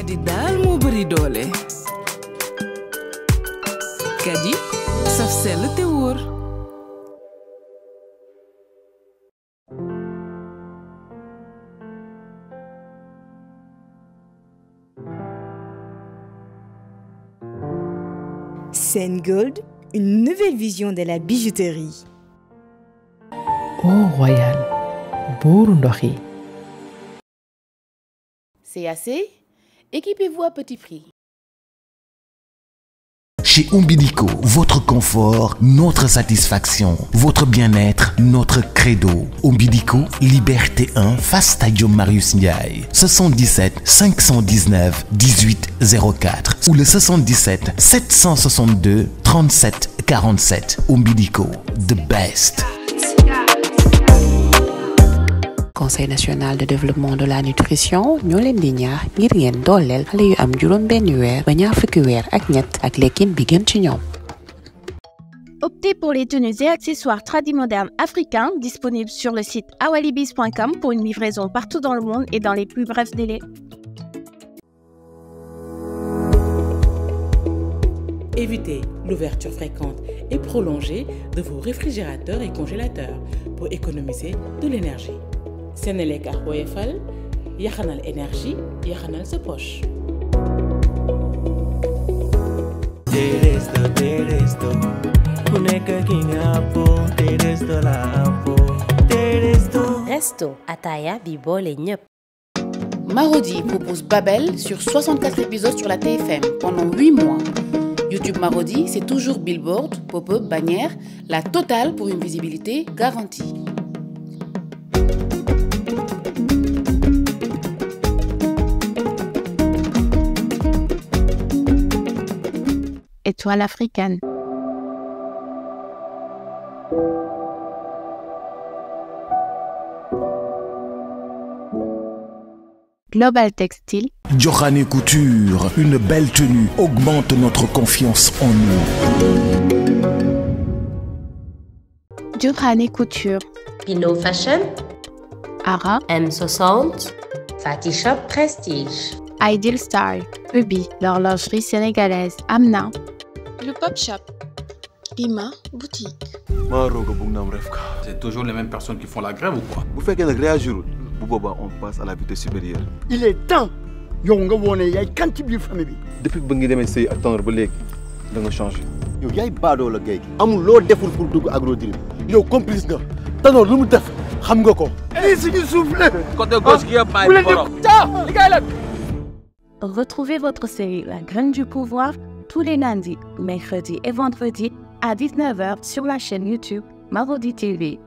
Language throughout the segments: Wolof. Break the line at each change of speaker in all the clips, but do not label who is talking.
kadi Dal moo bëri ça kadi saf sell te wóor
Sen Gold, une nouvelle vision de la bijouterie.
Oh Royal, Burundori.
C'est assez
Équipez-vous à petit prix.
Chez Umbilico, votre
confort, notre satisfaction, votre bien-être, notre credo. Umbilico, Liberté 1, Fastadium Marius Ndiaye. 77 519 1804 ou le 77 762 37 47. Umbilico, the best
conseil national de développement de la nutrition nous leen di ñaax ngir ngeen dooleel xale yu am juróom benn weer ba ñaar fukki weer ak ñett ak lekkin bi gën ci ñoom. Optez pour les tenues et accessoires modernes africains disponibles sur le site awalibis.com pour une livraison partout dans le monde et dans les plus brefs délais.
Évitez l'ouverture
fréquente et prolongée de vos réfrigérateurs et congélateurs pour économiser de l'énergie. C'est ak Woyofal énergie Yachanal sa poche.
Teresto
la
Resto Ataya, bi Marodi propose Babel sur 64 épisodes sur la TFM pendant 8 mois. YouTube Marodi, c'est toujours billboard, pop-up, bannière, la totale pour une visibilité garantie. toile africaine. Global Textile. Johanné
Couture, une belle tenue augmente notre confiance en nous.
Johanné Couture. Pinot Fashion. Ara. M60. Fatty Shop Prestige. Ideal Style. Ubi, l'horlogerie sénégalaise. Amna. Le Pop Shop. Lima Boutique.
C'est toujours les mêmes personnes qui font la grève ou quoi Vous faites une grève on passe à la vitesse supérieure.
Il est temps a wone
depuis que changé. yow la gay amul pour Agro yow complice nga Tanor lu mu def xam nga ko. côté gauche qui
Retrouvez votre série La Graine du Pouvoir tous les lundis, mercredis et vendredis à 19h sur la chaîne YouTube Marodi TV.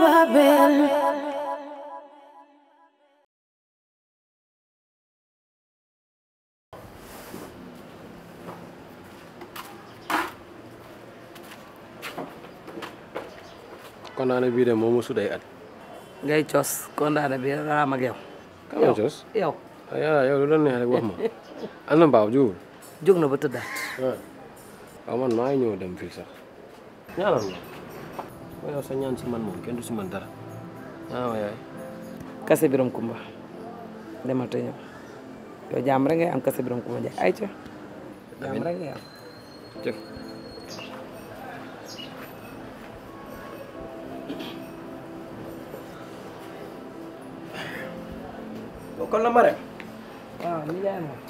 Babel.
kondaane bii de moo ma sudee at.
ngay cos kondaane bi raam ak yow. kan ma cos yow.
ah yow lu la neex rek wax ma. am betul dah. Kamu jóg na dem
koy yow sa ñaan si man moom kenn si man ah biram kumba
demal te ñëw yow jàmm am biram kumba jaay ay ca jàmm rek
am jëf
kon la mare waaw ni jaay moom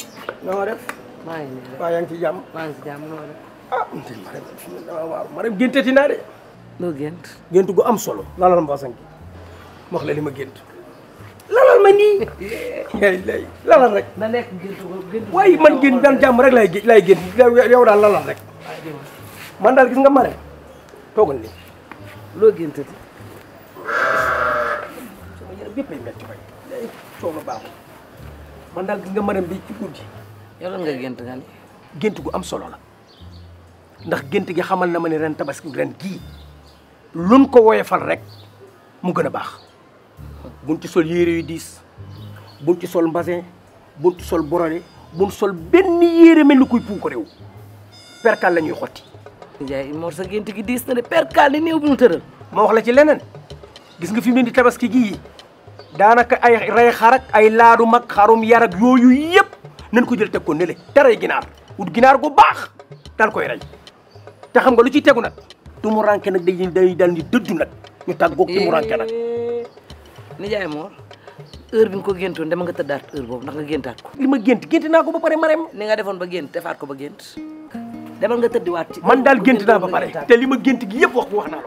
noo def maa ngi nii
jam yaa
ah mare mare géntati naa loo gént gént gu am solo lalal ma basan gi wax la li ma gént
lalal ma nii lay lalal rek na nekk gént waaye man
gént daan jàmm rek lay lay gént
yow daal lalal rek man daal gis nga mare toogal nii loo géntati
sama yaram bépp ay metti bay lay coono baaxul man daal gis nga maram bi ci guddi yow lan nga gént nga
ni gu
am solo la ndax gént gi xamal na ma ne ren tabaski ren gii luñ ko fal rek mu gën a baax buñ ci sol yére yu diis
buñ ci sol mbasin buñ ci sol borole buñ sol benn yére mel ni kuy puuk réew perkaal la ñuy xotti. Ndiaye Mor sa gént gi diis na de perkaal ni néew bu ñu tëral. ma la ci leneen gis nga fi mu ne di tabaski gii daanaka ay rey xarak
ay laadu mag xarum yarak yooyu yëpp nañ ko jël teg ko ne le taray ginaar wut ginaar gu baax tal koy rey te xam nga lu ciy tegu nag. tumuranke nag dañuy day dal ni
dëddu nak ñu tàggoog nak ni nijaay mo heure bi ko géntoon dama nga tëddaat heure boobu nak nga géntaat ko lima ma gént gént ko ba paré marém ni nga defon ba gént defaat ko ba gént demal nga teddi tëddiwaat ci man dal gént naa ba paré té lima ma gi yépp wax wax na la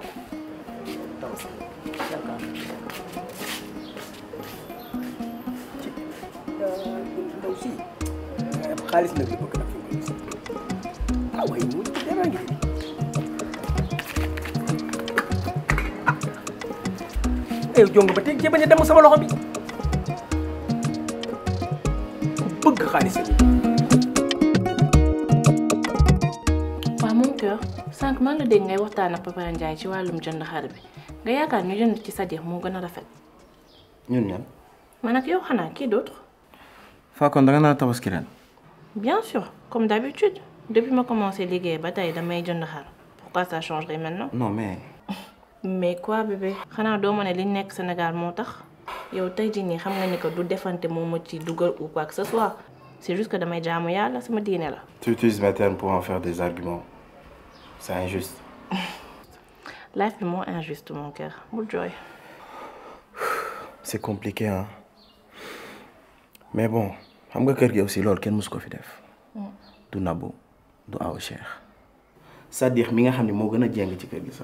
Kalis lebih nag li bëgg
nag ah waaye teel jong ba tey jéem a dem sama loxom bi
bëgg xaliss bi. waaw mon cœur sank maa ngi la dégg ngay waxtaan ak papa Ndiaye ci walum jënd xar bi nga yaakaar ñu jënd ci sa mo gëna rafet. ñun ñan. man ak yow xana ki d'autre.
fa Fakon danga naa tabaski ren.
bien sûr comme d'habitude depuis ma commencé liggéey ba tay damay jënd xar pourquoi ça changerait maintenant. non mais mais quoi bébé Je Sénégal au Sénégal xam nga ni que ou quoi que ce soit c'est juste que sama la.
tu utilises mes termes pour en faire des arguments c'est injuste.
life vie injuste mon cœur
c'est compliqué hein mais bon je nga que gi aussi ko fi def. Mm. du c'est-à-dire mi nga suis de ci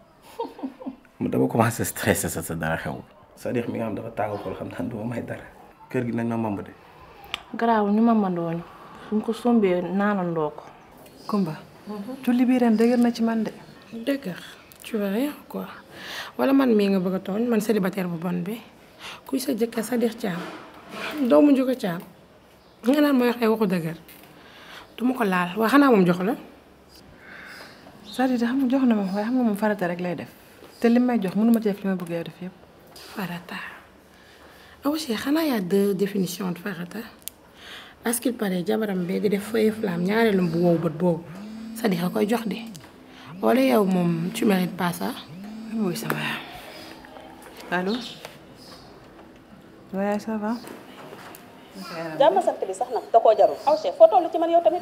mu dama commencé stressé sa sa dara xewul c'est-à-dire mi nga xam dafa tàng xool xam naa du may dara kër gi nañ ma mamb de
garaawul ñu mamandoo ñu suñ ko sombee naanandoo ko Kumba mhm. julli bii ren dëgër na ci man de dëgër tu vois rien
quoi wala man mii nga bëgg a tooñ man célibataire bu bon bi kuy sa jëkkër sa dex caam
doomu njuga caam nga naan mooy wax ay waxu dëgër ko laal waaye xanaa moom jox la c'est-à-dire xam jox na ma waaye xam nga moom farata rek lay def te li may jox mënuma ci def li ma bëgg a def yëpp. farata aw xanaa yaa deux
définition de farata parce qu'il jabaram bee di def feuille flamme ñaareelum bu wow bët
boobu c'est-à-dire koy jox di wala yow moom tu mérites pas
jàmm sant bi sax nag da koo jarul aw foo toll ci man yow tamit.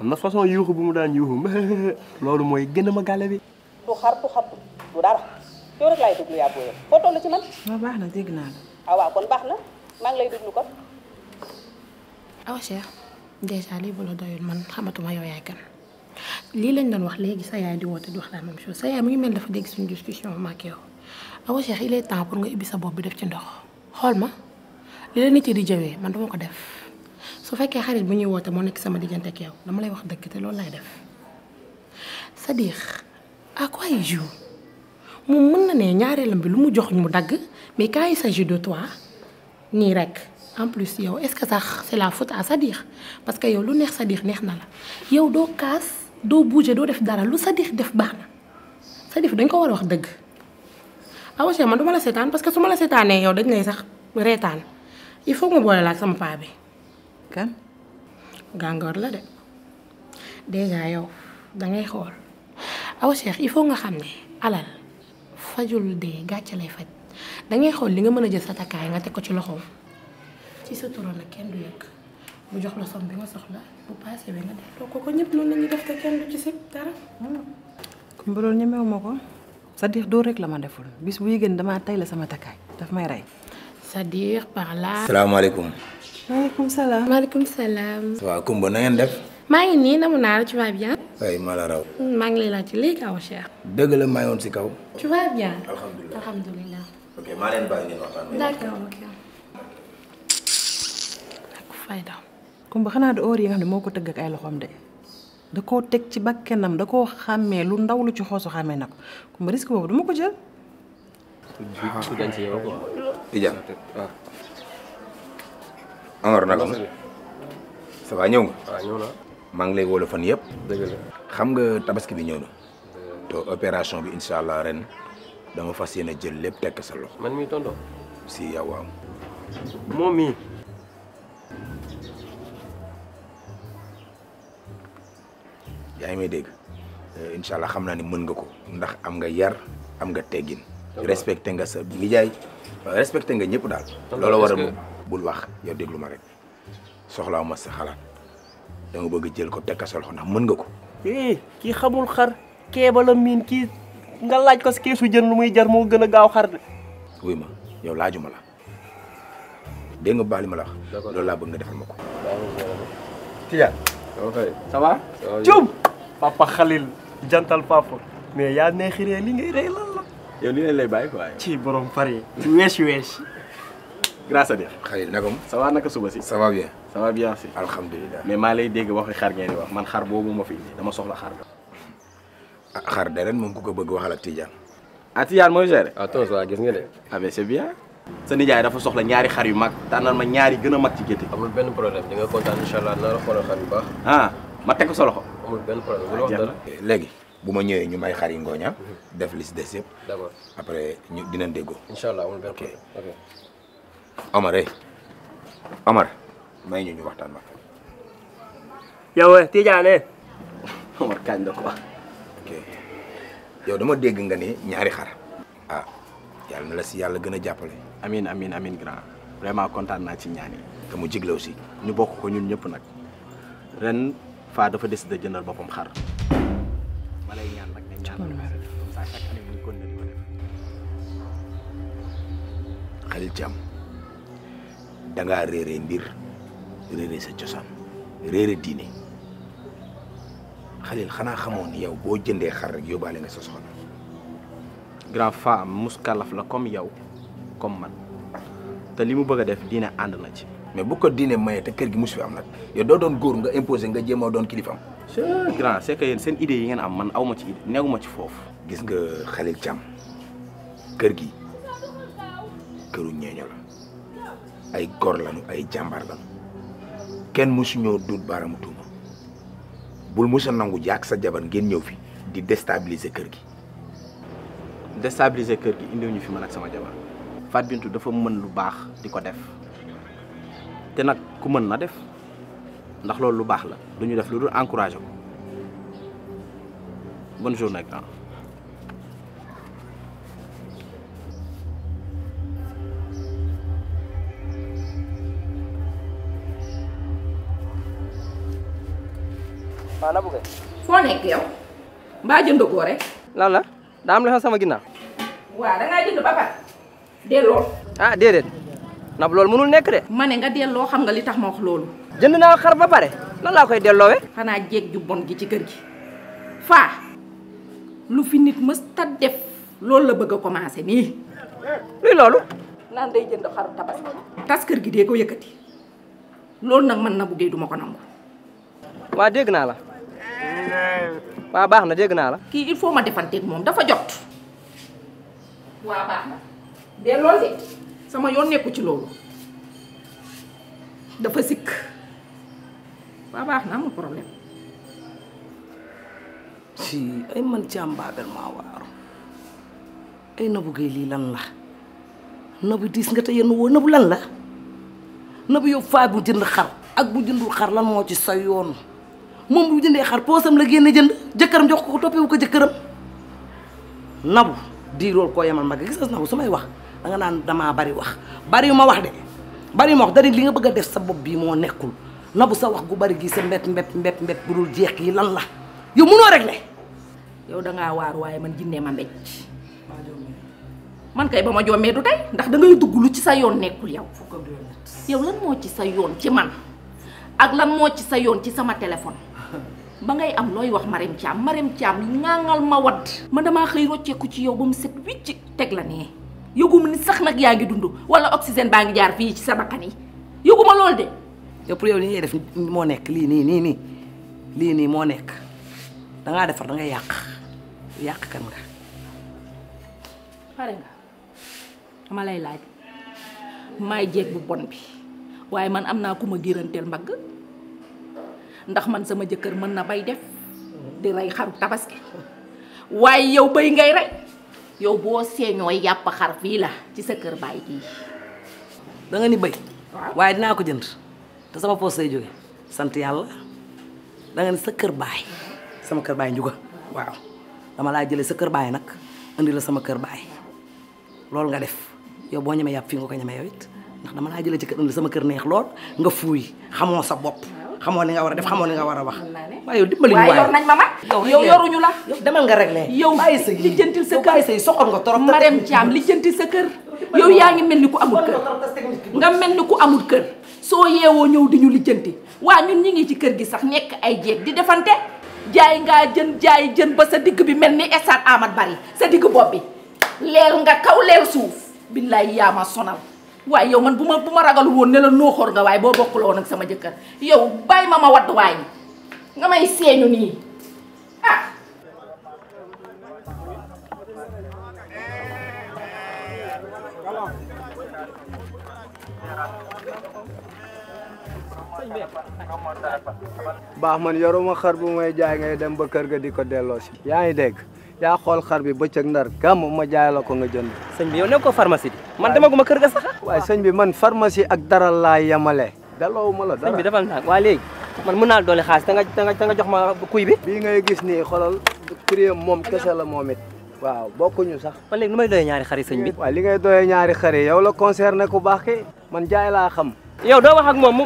am na façon yuuxu bu mu daan yuuxu loolu mooy gën a ma gàlle bi.
du xar du xam du dara yow rek laay déglu yaa booyee foo toll ci man. waaw baax na dégg naa la. ah waaw kon baax na maa ngi lay déglu kon. awa Cheikh déjà lii bu la doyul man xamatuma yow yaay kan lii lañ doon wax léegi sa yaay di woote di wax la même chose sa yaay mu ngi mel dafa dégg suñu discussion ma ak yow awa Cheikh il est temps pour nga ibbi sa bopp bi def ci ndox xool ma li la nit yi di jëwee man dama ko def. su fekkee xarit bu ñuy woote moo nekk sama diggante ak yow dama lay wax dëgg te loolu lay def cest à à quoi il joue moom mën na ne ñaareelam bi lu mu jox ñu mu dagg mais quand il s'agit de toi nii rek en plus yow est-ce que sax c'est la faute à Sadikh parce que yow lu neex Sadikh neex na la yow doo kaas doo bouger doo def dara lu Sadikh def baax na Sadikh dañ ko war a wax dëgg Awa ah Cheikh man du ma la seetaan parce que su ma la seetaanee yow dañ lay sax reetaan il faut que ma boole la sama paa bi. kan gàngoor la de déjà yow dangay xool aw Cheikh il faut nga xam ne alal fajul dee gàcce lay faj dangay xool li nga mën a jël sa takkaay nga teg ko ci loxoom ci sa turoon kenn du yëg mu jox la somme bi nga soxla bu paasee bi nga delloo
ko ko ñëpp noonu la def te kenn du ci si dara. kumba loolu ñemewu ma ko cest à doo rek la ma deful bis bu yëgën damaa tay la sama takkaay daf may rey. c'est-à-dire par là. maaleykum salaam. maaleykum salaam.
waaw Kumba na ngeen def.
maa ngi nii namu naa la tu vas bien.
la raw.
maa ngi lay laaj ci léegi aw Cheikh.
dëgg la maa ngi woon kaw.
tu
vas Kumba xanaa du oor yi nga xam ne moo ko tëgg ak ay loxoom de. da koo teg ci ba bakkenam da koo xàmmee lu ndaw lu ci xoosu xàmmee na ko Kumba risque boobu du ma ko jël.
ah. Amar nagam ça va ñëw mang waaw ñëw lay fan xam nga tabaski bi ñëw na bi incha allah ren dama fas jël lépp tekk sa loxo man mi tondo si ya waaw momi mii yaa ngi eh, allah ni mën nga ko ndax am nga yar am nga teggin respecté nga sa nijaay respecté nga ñëpp daal bul wax yow déglu ma rek soxlaawu ma sa xalat da nga bëgg jël ko teg ko sa ndax mën nga ko.
eh ki xamul xar kee min ki nga laaj ko si keesu jën lu muy jar mo gëna gaaw xar de.
wuy ma yow laajuma la de nga baax ma la wax. loolu la bëgg nga defal mako tiya okay ça va. Thioub
papa Khalil jantal papa. mais ya yaa neexiree li ngay rey lan la. yow ya, li leen lay bay quoi. ci borom far
wesh wesh grâce à Dieu xarit nakam ça va naka suba si ça va bien ça va bien si alhamdulilah mais maa lay dégg waxi xar ngeen di wax man xar boobu ma fi indi dama soxla xar ga ah, xar de ren moom ku ko bëgg waxal ak Tidiane ah Tidiane géré ah tos waa gis nga de ah mais c'est bien sa nijaay dafa soxla ñaari xar yu mag ma ñaari mag ci amul problème di nga allah nar a xar yu ah ma teg ko sa loxo amul benn problème bu wax dara léegi bu ma ñu may xar yi ngooña def liste des après ñu dinañ allah amul benn problème Amar eh Amar may ñu ñu waxtaan ma yow eh Tidiane eh. Amar kañ la ko ok yow dama dégg nga ni ñaari xar. ah yàlla na la si yàlla gën a jàppale. amiin amiin amiin grand vraiment kontaan naa ci ñaan yi. te mu jigle aussi. ñu bokk ko ñun ñëpp nag ren faa dafa décidé jëndal boppam xar. ma lay da ngaa mbir réeree sa cosaan réere diine xalil xanaa xamoon ni yow boo jëndee xar rek yóbbaale nga sa soxna. grand femme muskalaf la comme yow comme man te li mu bëgg a def diine ànd na ci. mais bu ko diine maye te kër gi musu fi am nag yow doo doon góor nga imposé nga jéem doon kilifam. grand c'est seen idée yi ngeen am man aw ma ci idée neewu ma ci foofu. gis nga xalil cam kër gi këru ñeeño la. ay góor lañu ay jàmbaar lañu kenn mësuñoo duut baaraamu tuuma bul mu mësa nangu jaak sa jabar ngeen ñëw fii di déstabiliser kër gi. destabilise kër gi indiw ñu fi man ak sama jabar Fat Bintou dafa mën lu baax di ko def te nag ku mën na def ndax loolu lu baax la duñu def lu dul encouragé ko bonne journée grand
mana Nabou Gueye.
foo nekk yow mbaa jënd góor rek.
lan la daa am la sama ginnaaw.
waaw da ngaa jënd ba pare ah déedéet Nabou loolu mënul nekk de. ma ne nga delloo xam nga li tax ma wax loolu. jënd naa xar ba pare lan laa koy delloowee. xanaa ju bon gi ci kër gi lu fi nit mës ta def loolu la bëgg commencé nii. luy day jënd tas kër gi dee ko yëkkati loolu nag man Nabou Gueye du ko nangu. dégg la
waa baax na dégg la.
ki il faut ma ak mom dafa jot. wa baax na de loolu sama yon nekku ci lolou dafa sik waa baax na problème. si ay man am Bagal ma waaru ay Nabou Guèye li lan la Nabou dis nga te wo woo Nabou lan la Nabou yo fa bu jënd xar ak bu jëndul xar lan mo ci sa mom bu jëndee xar posam la génne jënd jëkëram jox ko wu ko jëkëram nabu di loolu ko yamal mag gis nabu samay wax da nga naan dama bari wax bari ma wax de bari ma wax dari li nga bëgg def sa bop bi mo nekkul nabu sa wax gu bari gi sa mbet mbet mbet mbet bu dul jeex yi lan la yow mëno rek né yow da nga waar waye man jinnee ma mbéj man kay bama jomé du tay ndax da ngay dugg lu ci sa yoon nekkul yow yow lan mo ci sa yoon ci man ak lan mo ci sa yoon ci sama téléphone ba ngay am loy wax marem Thiam Marème Thiam ñaangal ma wad man xey rocce ku ci yow ba mu set wicc tek la nee yogum ni sax nak yaa dundu wala oxygène baangi jaar fi ci sama bakkan yi yëguma de yo pour yow ni ngay def moo nekk ni ni nii nii lii nii moo nekk dangaa defar nga kan nga pare nga dama lay laaj may jek bu bon bi waye man amna kuma girantel ndax man sama jëkkeur mën na bay def di ray xaru tabaski waaye yow bay ngay ray yow bo seño yapp xar fi la ci sa kër bay gi da nga ni bay waaye dina ko jënd te sama poste lay jóge sante yalla da nga ni sa kër bay sama kër bay njuga waaw dama la jëlé sa kër bay nak andi la sama kër bay loolu nga def yow bo ñëmé yapp fi nga ko ñëmé yow it ndax dama la jëlé ci kër andi sama kër neex lool nga fuuy xamoo sa bop xamone nga wara def xamone nga wara wax. way yow dimbali ñu way yor nañ mama yow yoru ñu la. yow demal nga réglé. yow lijjantil sey li yow sa kay sey soxor nga torop. ta dem li lijjantil sa kër. yow yaa ngi mel ku amul kër. nga melni ku amul kër. so yewo ñew di ñu lijjanti wa ñun ñi ngi ci kër gi sax nek ay jeeg di defante. jaay nga jën jaay jën ba sa digg bi melni ni ahmad Bari sa digg bopp bi leer nga kaw leer suuf billahi ya ma sonal way yow man buma buma ragal won ne la xor nga way bo bokul won ak sama jëkkër yow bay mama wad way nga may seenu ni ah.
baax man yoruma xar bu may jaay ngay dem ba kër ga di delo ci yaay ngi yaa xol xar bi becc ak ndar gam ma jaay ko nga jënd. señ bi yow ne ko pharmacie bi. man dama guma kër ga sax. way señ bi man pharmacie ak dara la yamale daloo ma la dara señ bi defal naa wa leg man mu mën naa da nga da nga jox ma kuy bi. bi ngay gis ni xolal prix mom kessa la momit waaw bokku ñu sax. man leg numay may ñaari xari señ bi. wa li ngay doyee ñaari xari yow la concerné ku baax ki man jaay la xam yow do wax ak mom
mu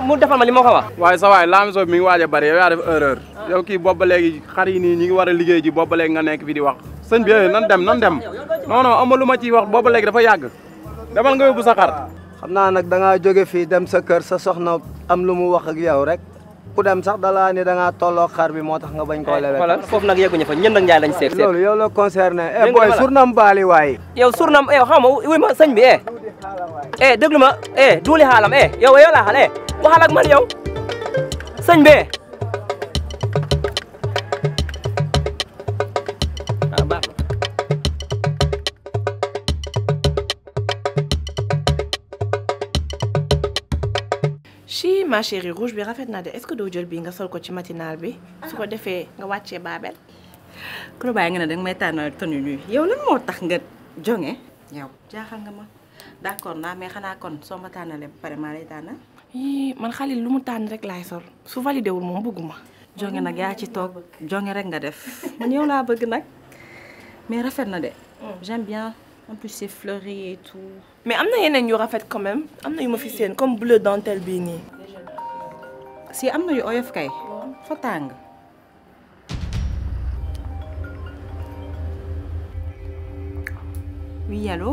mu defal ma li moko wax. way sa way lamiso mi ngi waja bari yow ya def erreur. yow ki bobu legi xari ni ñi ngi wara liggey ji bobu ba nga nek fi di wax. señ bi nan dem nan dem non non amul luma ci wax bobu ba dafa yag demal nga yobu sa xar.
xamna nak da nga joge fi dem sa kër sa soxna am lu mu wax ak yow rek ku dem sax la ni da nga tolo xar bi motax nga bañ ko lewe fof
nak yeguñu fa ñen nak njaay lañ seet. loolu
yow lo concerné. eh boy surnam bali way
yow surnam eh xam ma wuy ma señ bi eh eh déglu ma eh duuli xaalam eh yow eh, yow xal
eh waxal ak man yow sëñ bee ci ma rouge bi rafet na de est-ce bi nga sol ko ci matinal bi su ko defee nga wàccee Baabel kuro bàyyi nga danga may tànnal tenue nuy yow lan moo tax nga jonge yow jaaxal nga ma d'accord naa mais xanaa kon soo ma tànnalee ba pare maa lay tànnal. yii man Xalil lu mu tànn rek laay sol su validé wul moom bëgguma. jonge nag yaa ci toog jonge rek nga def man yow laa bëgg nag mais rafet na de. Mm. j'aime bien en plus c'est fleuri et tout. mais am na yeneen yu quand même am na yu ma seen comme bleu dentelle bii si am na yu oyof kay. fa tàng. oui allo.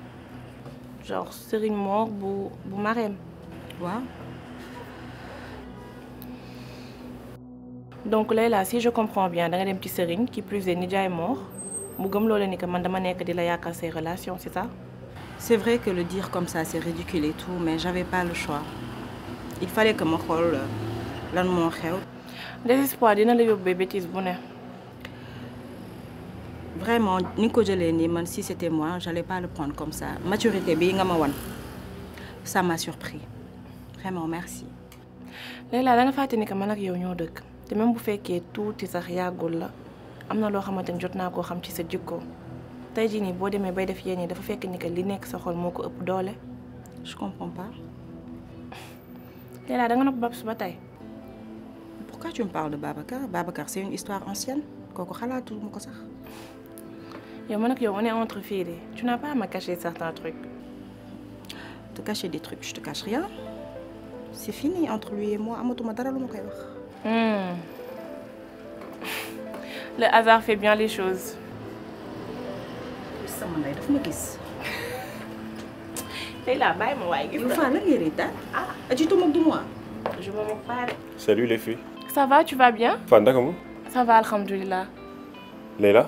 genre Sérine mort bu, bu Marème? Wow. Donc là, là, si je comprends bien, dans dem ci sering qui plus est Nidia est mort, ses relations, c'est ça C'est vrai que le dire comme ça, c'est ridicule et tout, mais j'avais pas le choix. Il fallait que mon rôle, l'un de mon Désespoir, dina la a des bêtises, vraiment ni nga ko man si c'était moi j'allais pas le prendre comme ça maturité bi nga ma wan ça m'a surpris vraiment merci. Leila da nga fatini ni que man ak yow ñoo dëkk te même bu féké touti sax yàggul la amna na loo jotna ko xam ci sa jikko tey ni. nii boo demee bay def yéen dafa fekk ni que li nekk sa xol moo ëpp doolé je comprends pas. Leila da nga nopp Babs ba tey. pourquoi tu me parles de Babacar Babacar c'est une histoire ancienne koko xalaatu ma ko sax on est entre filles. Tu n'as pas à me cacher certains trucs. Te cacher des trucs, je te cache rien. C'est fini entre lui et moi. Hmm. Le hasard fait bien les choses. Ah. Tu de moi Je me moque Salut les filles. Ça va, tu vas bien Ça va, Alhamdulillah. Leila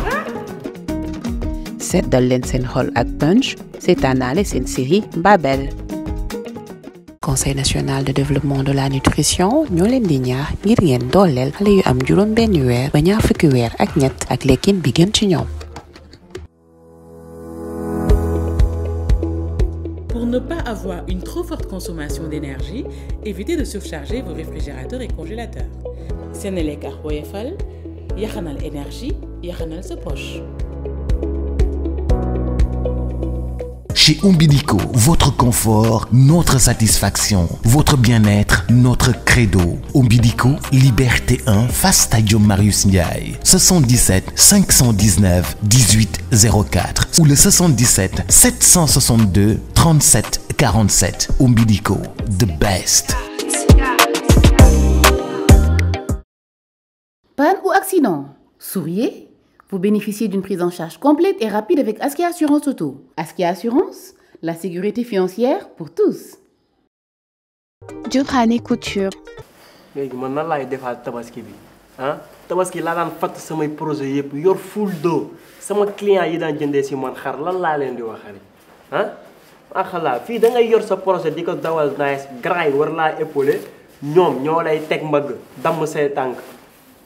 2017 dal leen seen xol ak punch c'est une série Babel conseil national de développement de la nutrition Nous leen di ñaax ngir ngeen dooleel xale yu am juróom benn weer ba ñaar fukki weer ak ak bi gën ci ñoom
Pour ne pas avoir une trop forte consommation d'énergie, évitez de surcharger vos réfrigérateurs et congélateurs. Sénélec ak Woyofal
yaxanal énergie yaxanal se poche
Chez Umbilico, votre confort, notre satisfaction, votre bien-être, notre credo. Umbilico, Liberté 1, Fastadium Marius Ndiaye. 77 519 1804 ou le 77 762 37 47. Umbilico, the best.
Panne ou accident Souriez vous bénéficiez d'une prise en charge complète et rapide avec Askia Assurance Auto. Askia Assurance, la sécurité financière pour tous. Diourane Couture.
léegi man nan tabaski bi ah tabaski laa daan fatt samay projet yëpp yor full do. sama client yi daan jëndee si man xar lan la leen di waxale. Hein? ah. ah xalaa da ngay yor sa projet diko dawal nice grand yi war la épauler ñom ñolay lay teg dam say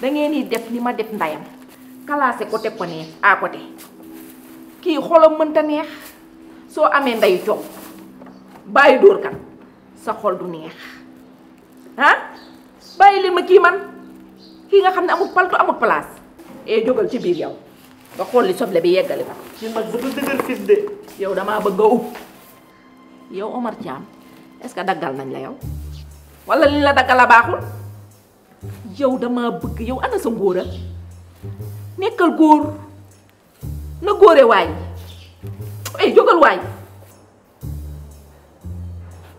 da ngeen di def ni ma def ndayam classé ko teg ko ne à côté ki xolam mën ta neex so amé nday coow bàyyi dóor kan sa xol du neex ha ah? bàyyi leen ma kii man ki nga xamné amul paltu amul place e eh, jogal ci biir yow ba xol li soble bi yeggali ko. ci ma dafa dëgër fit de. yow dama bëgg a yow Omar Thiam est-ce que daggal nañ la yow wala li la daggal la baxul yow dama bëgg yow ana sa ngóora nekkal góor na góore waay ay jógal waay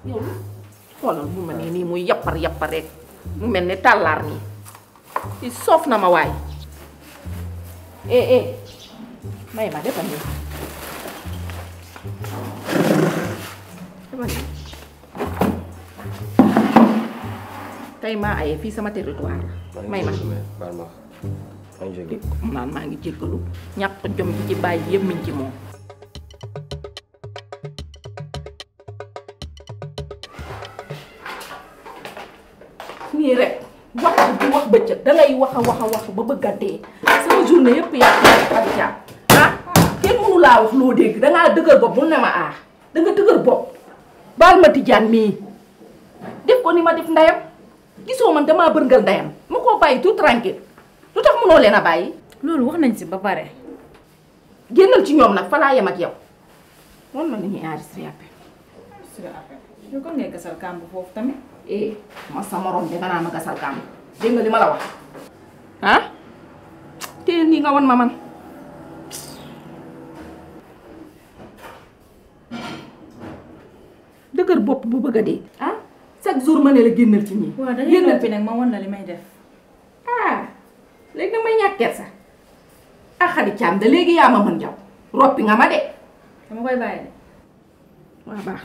yow xoolal mu mel ne nii muy yappar yappar rek mu mel ni tàllaar nii i soof na ma waay eh, eh. may ma defal tey ay fi sama territoire hmm. may ma ma naan maa ngi jéggalu ñàkk jom ci bay yëpp mi ci mom ni rek wax du wax becc da ngay wax a wax wax ba bëgg a sama journée yëpp ya, ya, ya, ya. ak jàpp ah kenn mënu la wax loo dégg nga dëgër bop mun ne ma ah da nga dëgër bop baal ma tijaan mii def ko ni ma def ndayam gisoo man dama bërngal ndeyam ma koo bàyyi tout tranquille lutax tax mënoo leen a bàyyi. wax nañ ci ba pare. gennal ci ñom nak fala yam ak yow. wan man ni ñuy enregistré appel. enregistré appel yow ko ngey gassal kàmb fofu tamit. eh ma sa morom de dana ma gassal kàmb de nga limala wax ah. te ni nga won ma man. dëgër bop bu bëgg a dee chaque jour mané la génnal ci ñi waaw da ngay nak ma won la limay def. ah légui nak may ñaké sa ah xadi caam da légui ya ma mën jaw ropi nga ma dé dama koy bayé de. waaw baax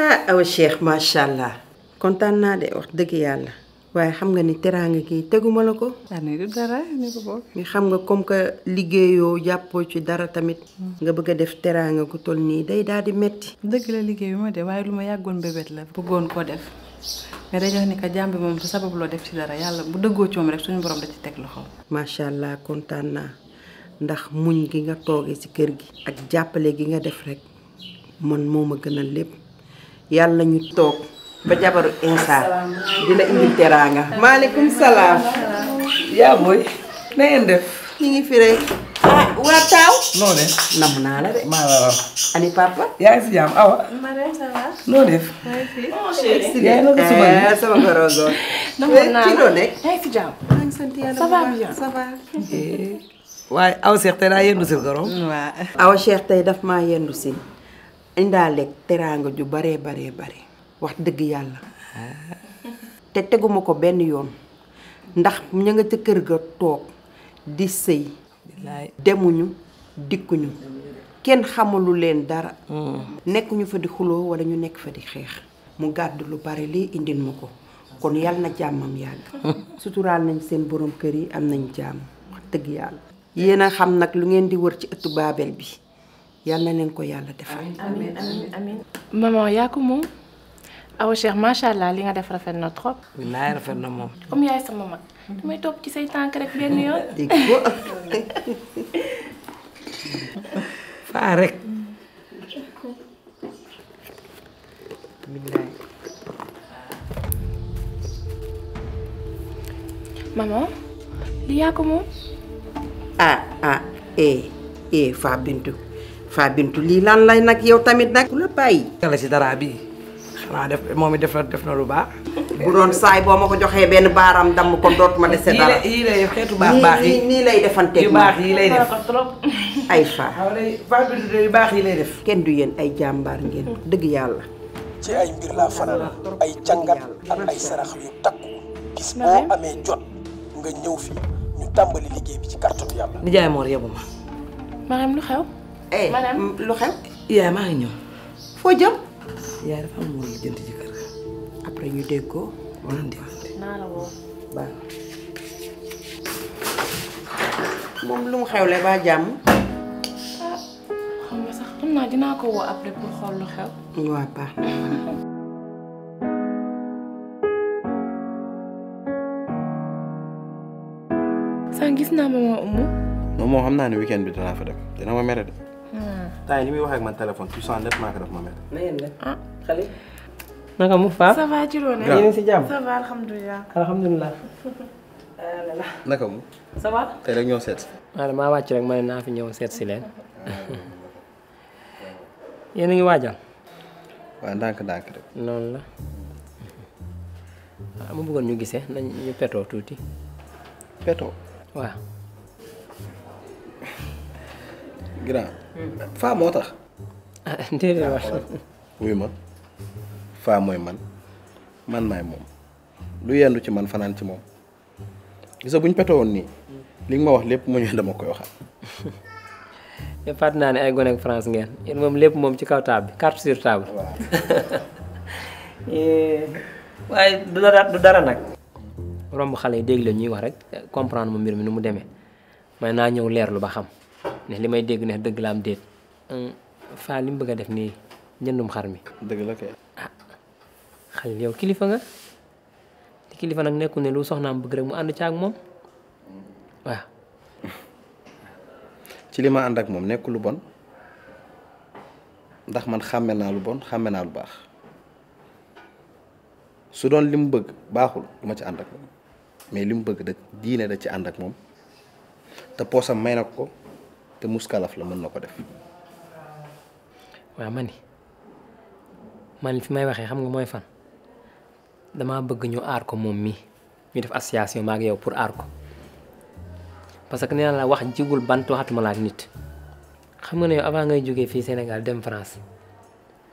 ah aw Cheikh ma sha allah contane na de wax dëgg yalla waaye xam nga ni teraanga gi teguma la ko. Ah, du dara ne ko bokk. mais xam nga comme que liggéeyoo jàppoo ci dara tamit. nga bëgg a
def teraanga gu toll nii day daal di metti. dëgg la liggéey bi ma de waaye lu ma yàggoon bébét la. bëggoon koo def mais dañuy wax ni que jàmm bi moom su sabab loo def ci dara yàlla bu dëggoo ci moom rek suñu borom da ci teg loxo.
macha allah kontaan naa ndax muñ gi nga toogee ci kër gi. ak jàppale gi nga def rek man moo ma gënal lépp yàlla ñu toog. ba jabaru Insa di la teraanga. maaleykum salaam. yaa booy. na def. ñu ngi fi rek. waaye aw Cheikh tey daa yendu si gorom. aw Cheikh tey daf maa yendu si. indaale teraanga ju baree baree bare wax deug yalla te beni ben yoon ndax ña nga ci kër ga tok di sey demuñu dikkuñu kenn xamalu leen dara hmm. nekkuñu fa di xulo wala ñu nekk fa di xex mu gadd lu bari li indil ma kon yàlla na jammam yag sutural nañ seen borom kër yi am nañ jamm wax deug yalla yena xam nak lu ngeen di wër ci ëttu babel bi yalla na ko yalla defal amin amin
amin maman yakumo awa cheikh macha allah li nga def rafet na trop. walaay rafet na moom. comme yaay sama mag. damay topp ci say tànk
rek benn yoon. faa rek. billaay. maman
li yaa ko moom.
ah ah eh eh Faa Bintu Faa Bintu lii lan lay nag yow tamit nak ku la bàyyi. la dara bi waaw ah, def moom it def na def na lu baax. bu doon saay boo ma ko joxee benn baaram damm kon ini, dese dara. yii lay xeetu baax baax yi nii lay defanteeg yu baax yi lay def ay faa.
waaw yu
baax yi lay def. kenn du yéen ay jàmbaar ngeen dëgg yàlla.
ci ay mbir laa fanaan
ay càngat ak ay sarax yu takku gis boo amee jot nga ñëw fi ñu tàmbali
liggéey bi ci kàttanu yàlla. nijaay Mor yebu ma. maanaam lu xew. Eh, maanaam lu xew. yaay maa ngi ñëw. foo jëm yaay dafa am lu muy ci kër
après ñu déggoo. wala déggante naa la woo. baax lu mu ba ah xam
nga
sax xam naa dinaa ko woo après pour xool lu xew.
waaw baax na. gis xam
weekend bi danaa fa dem dina ma de.
temps
yii muy wax ak man téléphone ma métti.
na ngeen def ah, naka mu faa. ça va Jirone. yéen a ngi si jàmm ça va
ah, naka mu.
ça va.
rek ñoo seet. waaw ah, maa wàcc rek ma naa fi ñëw seet si leen. yéen ngi waajal. waaw ndànk-ndànk rek. noonu la. mu bëggoon ñu gisee nañ ñu petoo tuuti. petoo. waaw. faa moo tax. ah déedéet wax.
wuyu ma faa mooy man man maay moom lu yendu ci man fanaan ci moom gisa buñ petoo woon nii li nga ma wax lépp mu dama koy waxaat.
te fàtt ne ay gone France ngeen yéen moom lépp moom ci kaw table bi carte sur table. Eh, waaye du dara du dara nag. romb xale yi dégg la ñuy wax rek comprendre mu mbir mi nu mu demee may naa ñëw leerlu ba xam ne li may dégg neex dëgg la am deet fa lim mu bëgg def ni njëndum xar mi. dëgg la kay. kili ah, xal yow kilifa nga ti kilifa nak neeku ne lu am bëgg rek mu ci ak mom
wa
ci li ma ànd ak mom neeku lu bon ndax man xamé na lu bon xamé na lu bax su doon lim bëgg baaxul ci and ak mom mais lim bëgg da da ci and ak mom te may ko te muskalaf la mën na ko def.
waaw mani ni man fi may waxee xam nga mooy fan dama bëgg ñu aar ko moom mii ñu def association ma ak yow pour aar ko parce que nee la wax jigul bant waxatuma la nit xam nga ne yow avant ngay jógee fii Sénégal dem France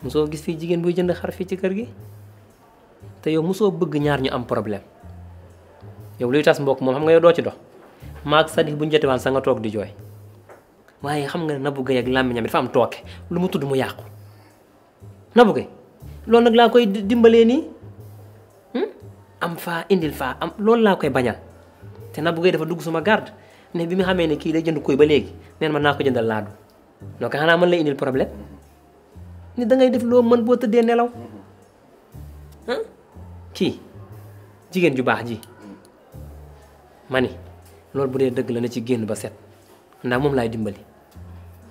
mosoo gis fii jigéen buy jënd xar fii ci kër gi te yow mosoo bëgg ñaar ñu am problème yow luy tas mbokk moom xam nga yow doo ci dox maag Sadikh bu sa nga toog di jooy waye xam nga na bugay ak ak ñam dafa am toke lu mu tuddu mu yàqu na bugay lool nak la koy ni hmm am fa indil fa am lool la koy bañal té na bugay dafa dugg suma garde né bi mi xamé né ki day jënd koy ba légui né man na ko jëndal laadu donc xana man lay indil problème
ni da ngay def lo man bo tëddee nelaw
ki jigen ju bax ji mani lool bu dé deug la na ci génn ba set ndax mom lay dimbali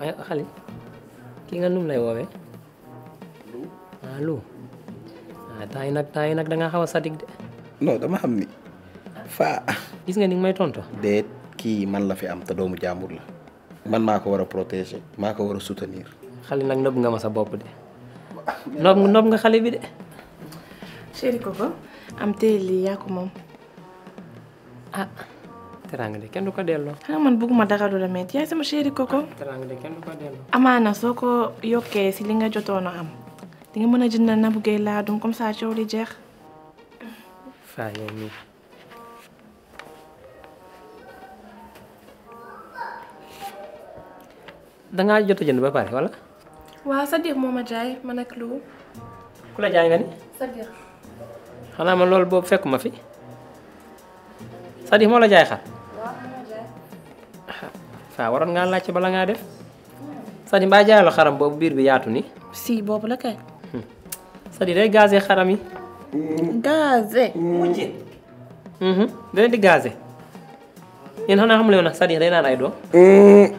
ayo Khalid ki nga num lay ya, wowe lu ah lu ah tay nak tay nak da nga xawa sadik de
non dama xamni fa gis nga ni may tonto de ki man la fi am ta doomu jamur la man mako wara protéger
mako wara soutenir xali nak nob nga ma sa bop de nob nob nga xali bi de
chéri koko am té li ya ko mom ah
terang de kendo ka dello
ha man buguma daga do la meti ay sama chéri koko
terang de kendo ka dello
amana soko yokke si li nga jotono am di nga mëna jëndal na bu gay la dum comme ça ciow li jeex
fa yow mi da nga jot jënd ba pare wala
wa sadir moma jaay man ak lu kula jaay kan nga ni sadir
xana man lool bob fekkuma fi sadir mo la jaay xat saa waroon ngaa laajte bala ngaa def Sadi mbaa jaay la xaram boobu biir bi yaatu ni
si boobu la kay. Hmm.
Sadi day gazé xaram yi. gazé. mujj. Hmm. dana di gazé yéen xanaa xam leen nag Sadi day naan ay doom. Hmm.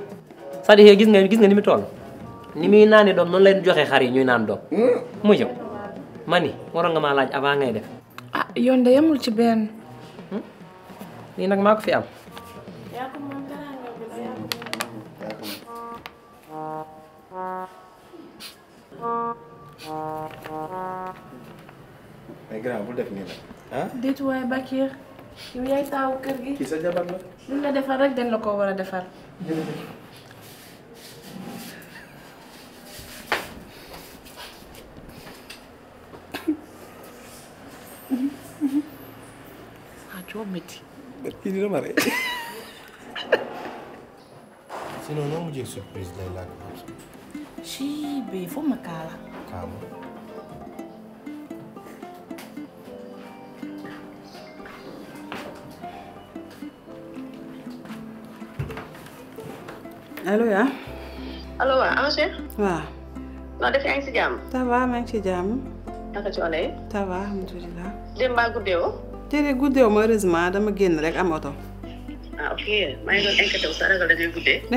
gis nga gis nga ni mu toll. ni muy naanee doom noonu lay joxe xar yi ñuy naan doom. mujj mani ni waroon nga maa laaj avant ngay def.
ah yoon de yemul ci benn. lii nag maa
fi am.
mais grand bu def nii nag ah.
déet waaye Bakir yow yaay taawu kër gi. kii sa jabar la. luñ la defal rek dañ la ko war a defal. jërëjëf. ah coow métti.
kii dina mare. sinon noo mujjee surprise lay
laaj. 시베 포마카라 다음
allo yaa allo waaw waaw noo def si jàmm ça alhamdulilah démb baa guddeewoo déedéet ma dama génn rek am oto
ah ok ma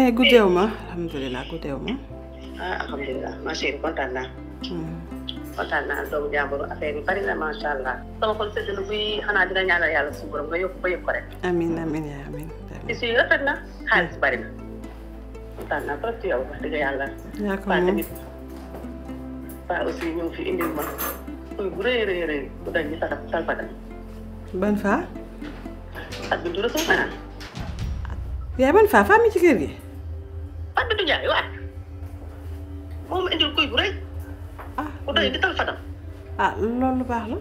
alhamdulilah guddeewu ma Ah, alhamdulillah masih kontaan kota nah. hmm. kontaan naa doomu jàmbur ya, affaire yang paling lah masya allah sama kalau saya dulu buy xanaa dina ñaanal yàlla ya borom nga
amin amin ya amin
Isu itu kan lah hal sebarin na kontaan terus trop udah tiga ya lah
yàlla yaa
pak usi nyungsi ya, ini mah ngi fi indil ma kuy bu rëy rëy rëy ban ban moo ma indil kuy bu ah ku doy di tal ah loolu lu baax la.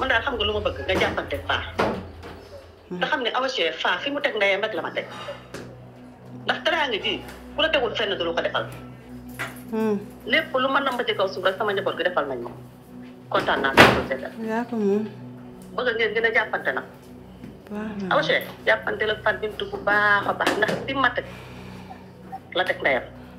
man daal xam nga lu bëgg nga jàppante faa. te xam ne Awa Cheikh fi mu teg ndeyam rek la ma teg ndax teraanga ji ku la tegul fenn du lu ko defal. lépp lu ma namba ci kaw suuf rek sama njaboot gi defal nañ ma kontaan naa ko loolu seetal. ko moom. bëgg ngeen la bu baax ndax la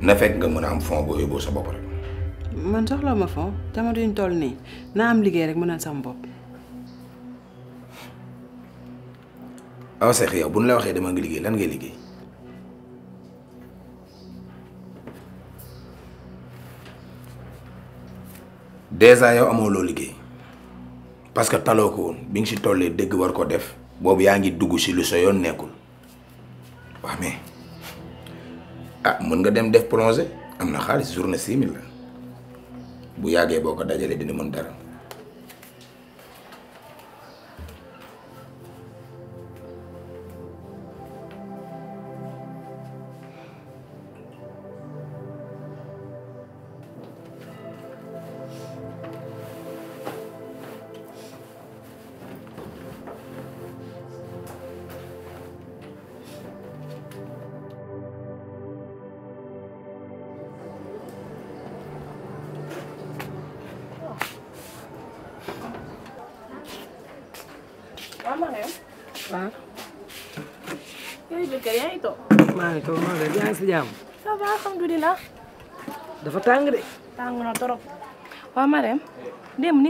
na fekk nga mën a am fond boo yóbboo sa bopp rek.
man soxla ma fond jamono yuñ toll nii naa am liggéey rek mënal sama bopp.
aw Seck yow bu ñu la waxee dama nga liggéey lan ngay liggéey. déjà yow amoo liggéey parce que taloo ko woon bi nga si tollee dëgg war ko def boobu yaa ngi dugg si lu sa yoon nekkul waaw mais. ah mën nga dem def plongée am na xaalis journée six mille bu yàggee boo ko dajalee dina mën dara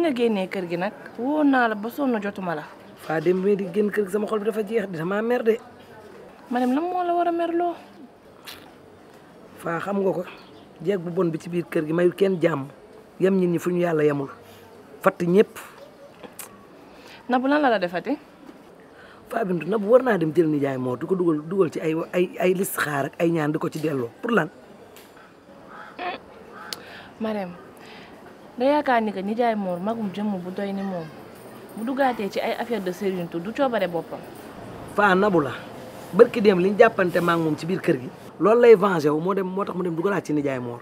nga génné kër gi nak woon naa la ba sonn jotuma la. fa dem ba di génn kër gi sama xol bi dafa jeex dama mer de. madame lan la wara merlo fa xam nga ko jeeg bu bon bi ci biir kër gi mayu kenn jam yam ñin ñi fuñu yalla yamul fat ñepp na bu lan la la defati. faa bintu nabu war naa dem jël nijaay moo di ko duggal duggal ci ay ay ay xaar ak ay ñaan ci pour lan. madame da yaakaar ni que nijaay Mor magum jëmm bu doy ni moom bu duggaatee ci ay affaire de sérieux du coobare boppam. faa nabu la barki dem liñ jàppante ma moom ci biir kër gi. loolu lay vengé wu moo dem moo tax mu dem duggalaat ci nijaay Mor.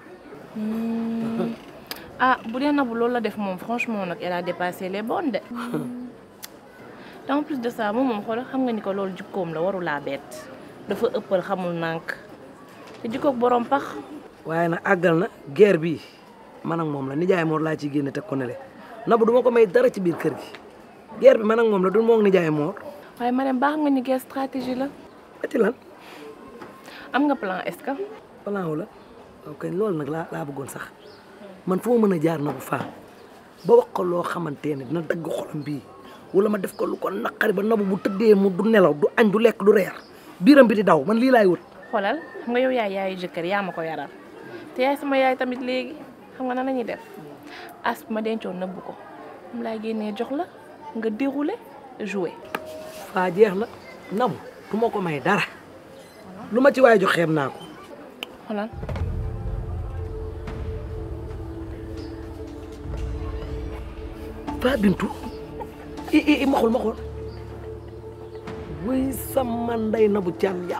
Hmm. ah bu dee nabu loolu la def moom franchement nag elle a dépassé les bornes de. en de ça moom moom xoolal xam nga ni ko loolu jikkoom la warulaa bett dafa ëppal xamul nànk te jikkoog borom pax. waaye nag àggal na guerre bi manang mom la nijaay mor la ci génne teg ko nele nabu duma ko may dara ci bir kër gi guerre bi manang mom la la mo ngi nijaay mor way mané bax nga ni guerre stratégie la. ati lan. am nga plan est-ce que. plan wala ok lol nak la la bëggon sax man fu mëna jaar na bu fa ba wax ko lo xamantene ne dina dagg xolam bi wala ma def ko lu ko nakari ba nabu bu tëddee mu du nelaw du añ du lek du rër biram bi di daw man li lay wut. xolal nga yow yaay yaay jëkkër yaral te yaay sama yaay tamit xam nga nan la ñuy def as ma dencoon nëbbu ko mu laa génne jox la nga déroulé joué. faa jeex la nabu du ma ko may dara lu ma ci waay naa ko. xoolal. Faa Bintu i i i ma xool ma xool wuy sama ndey nabu caan na.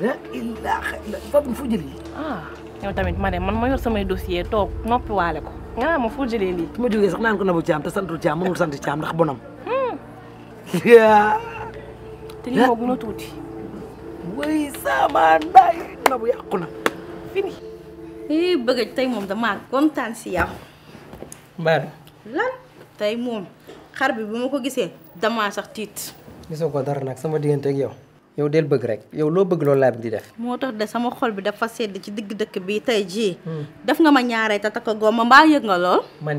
la ilaha illa Faa Bintu fu jël yow tamit ma ne man ma yor samay dossier toog noppiwaale ko nga ma fu jëlee lii. ma jógee sax naan ko Nabou Thiam te santul Thiam mënul sant Thiam ndax bonam. Hmm. te lii moo gën a tuuti. way sama ndaay Nabou yàqu na fini. ii bëgg tey moom dama kontaan si yaw Mbare. lan tey moom xar bi bu ma ko gisee dama sax tiit.
gisoo ko dara nag sama diggante ak yow yow del bëgg rek yow lo bëgg lo laa di def
motax de sama xol bi dafa sedd ci digg dëkk bi tay ji hmm. def nga ma ñaaree te takk gooma mbaa yëg nga lol
ma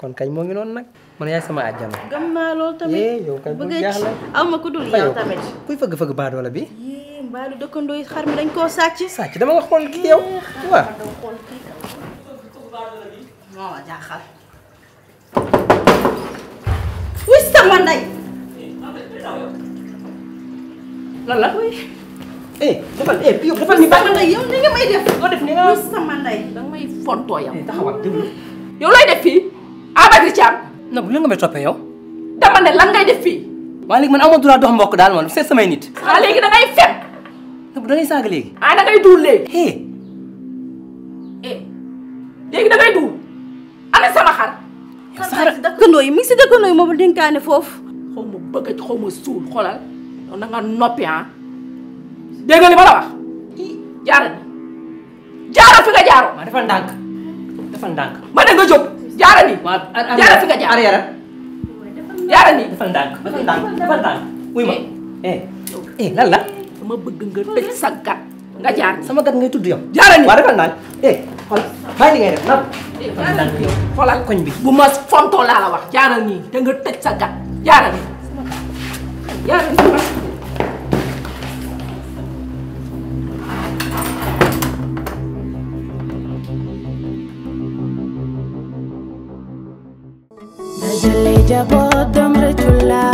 kon kañ mo ngi non nak man yaay sama aljam
gam naa lol tamit yow kay bu jaaxle aw ma ku dul yaa tamit
kuy fëgg fëgg baa doole bi
mbaalu dëkkandoo yi xar mi dañ ko sacc sacc
dama nga xol ki yow wa
moo ma jaaxal wis sama ndey lan la. eh, eh na yow ni nga may def. nga def ni may fontoo yow. Eh, taxawal déglu. yow lay def fii Amady na bu la may toppee yow. dama ne lan ngay def fii. waa léegi man amoo droit dox bokk daal man seet samay nit. ah léegi da ngay fekk. na bu da ngay saaga léegi. ah da ngay duul léegi. eh. eh duul. ana sama sama xar dëkkandoo yi mi ngi si dëkkandoo yi foofu. xaw ma bëgg xaw ma suul xoolal. kon nga kan nopi ha ya. dégg li ma la wax jaara jaara fi nga jaaro ma defal dank defal dank ma de nga job jaara ni jaara fi nga jaara arrière jaara ni defal dank defal dank defal dank wuy ma eh eh lan eh, la sama bëgg nga tej sa gat nga jaar sama gat kan ngay tuddu yow jaara ni ma defal dank eh xol fay li ngay def nan defal dank yow xolal koñ bi bu ma fonto la la wax jaara ni te nga tej eh, sa gat jaara ni Yarın sabah.
Najaleja bodam rajula